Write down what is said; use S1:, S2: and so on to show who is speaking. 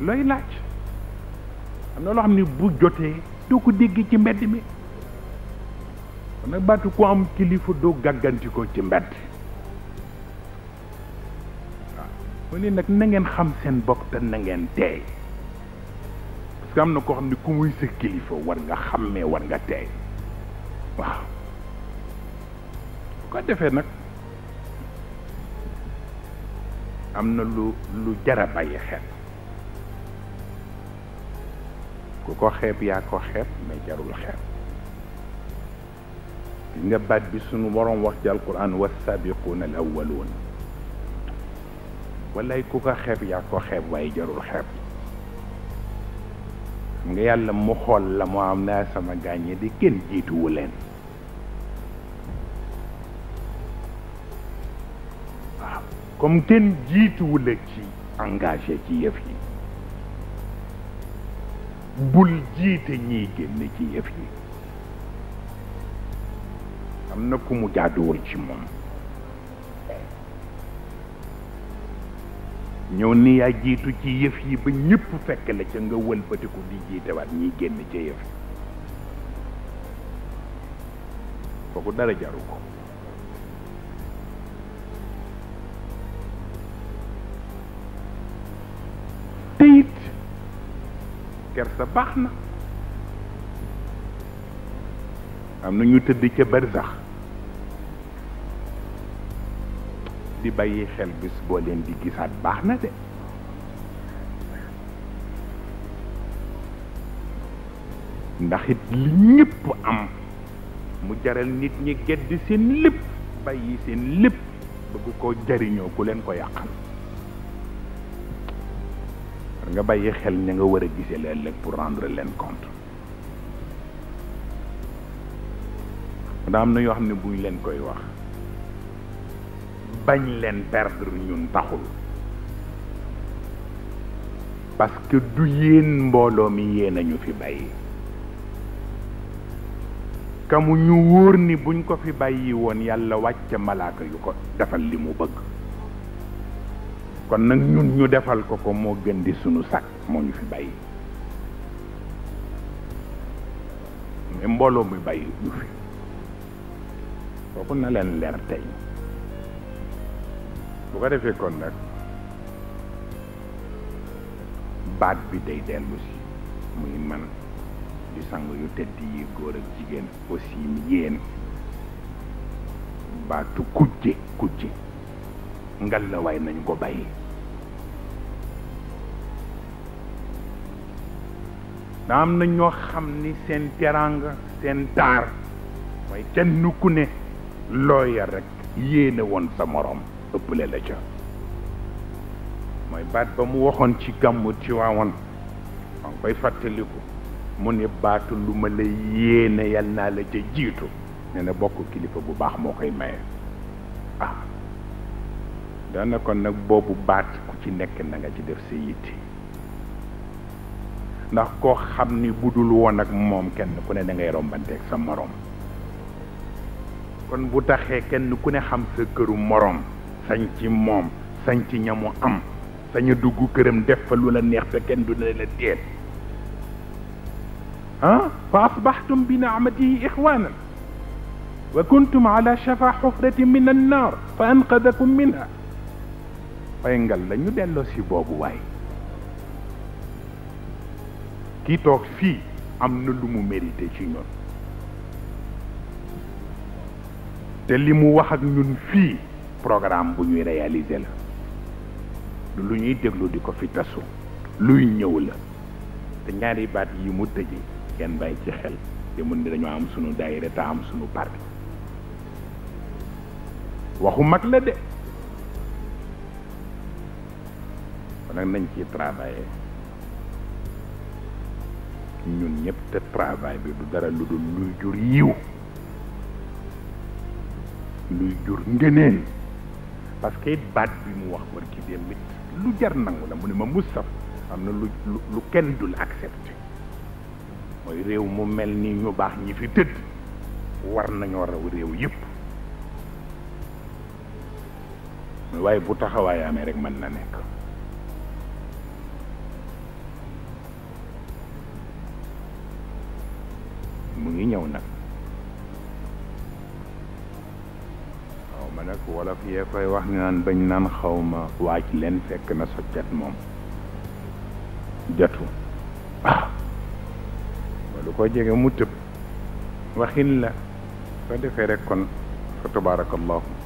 S1: looy laaj am na loo xam ne bu jotee doo ko dégg ci mbedd mi kon nag baatu ko am kilifa doo gàgganti ko ci mbedd waaw mu ne nag na ngeen xam seen bokk te na ngeen teey parce que am na koo xam ne ku muy sa kilifa war nga xàmmee war nga teey waaw bu ko defee nag am na lu lu jara bàyyi xel ku ko xeeb yaa ko xeeb mais jarul xeeb di nga baat bi sunu borom wax ci alquran wassaabiquuna al awwaluun walay ku ko xeeb yaa ko xeeb waaye jarul xeeb xam nga yàlla mu xool la moo am naa sama gàññe di kenn jiituwu leen waaw comme kenn jiituwu la ci engagé ci yëf yi bul jiite ñiy génn ci yëf yi am na ku mu jaaduwul ci moom ñëw ni yaa jiitu ci yëf yi ba ñëpp fekk la ca nga wëlbatiku di jiitewaat ñiy génn ca yëf yi kooku dara jaru ko sa baax na am na ñu tëdd ca barzax di bàyyi xel bis boo leen di gisaat baax na de ndax it li ñëpp am mu jaral nit ñi gedd seen lépp bàyyi seen lépp bëgg ko jariñoo ku leen ko yàqal nga bàyyi xel ña nga war a gisee leen ëllëg pour rendre leen compte ndax am na yoo xam ne buñ leen koy wax bañ leen perdre ñun taxul parce que du yéen mbooloo mi yéen a ñu fi bàyyi kamu ñu wóor ni buñ ko fi bàyyi woon yàlla wàcc malaaka yu ko defal li mu bëgg kon nag ñun ñu defal ko ko moo gën di sunu sàkk moo ñu fi bàyyi mbooloo muy bàyyi ñu fi kooku na leen leer tey bu ko defee kon nag baat bi day dellu si muy man di sang yu tedd yi góor ak jigéen aussi yéen baatu kujje kujje ngal la waay nañu ko bàyyi da am na ñoo xam ni seen teraanga seen taar mooy kenn nu ku ne looya rek yéene woon sa moroom ëpple la ca mooy baat ba mu waxoon ci gàmmu ci waawoon maa koy fàttaliku mu ne baatu lu ma la yéene yal naa la ca jiitu ne na bokk kilifa bu baax moo koy maye ah dana kon nag boobu baat ku ci nekk na nga ci def sa yitte ndax koo xam ni bu woon ak moom kenn ku ne da ngay rombanteeg sa morom kon bu taxee kenn ku ne xam sa këru morom sañ ci moom sañ ci ñamu am sañ a dugg këram def fa lu la neex te kenn du ne la teet ah fa asbaxtum bi naamatihi ixwanan wa kuntum ala shafa xufrati min annar fa anqadakum minha fay ngal la ñu delloo si boobu waaye kii toog fii am na lu mu mérité ci ñun te li mu wax ak ñun fii programme bu ñuy réaliser la lu ñuy déglu di ko fi tasu luy ñëw la te ñaari baat yi mu tëje kenn bàyyi ci xel te mun ni am sunu daayira te am sunu parti waxu mag la de kon nag nañ ci travailler ñun ñëpp te travail bi du dara lu dul luy jur yiw luy jur ngëneen parce que it baat bi mu wax war ci démb lu jar nangu la mu ne ma Moustapha am na lu lu kenn dul accepté mooy réew mu mel ni ñu baax ñi fi tëdd war nañoo raw réew yëpp waaye bu taxawaay amee rek mën na nekk mu ngi ñëw na xaw ma nag wolof yee koy wax ni naan bañ naan xaw ma waaj leen fekk na soccet moom jotu ah. ba lu ko jege mu tëb waxin la soo defee rek kon fa tabarakallahu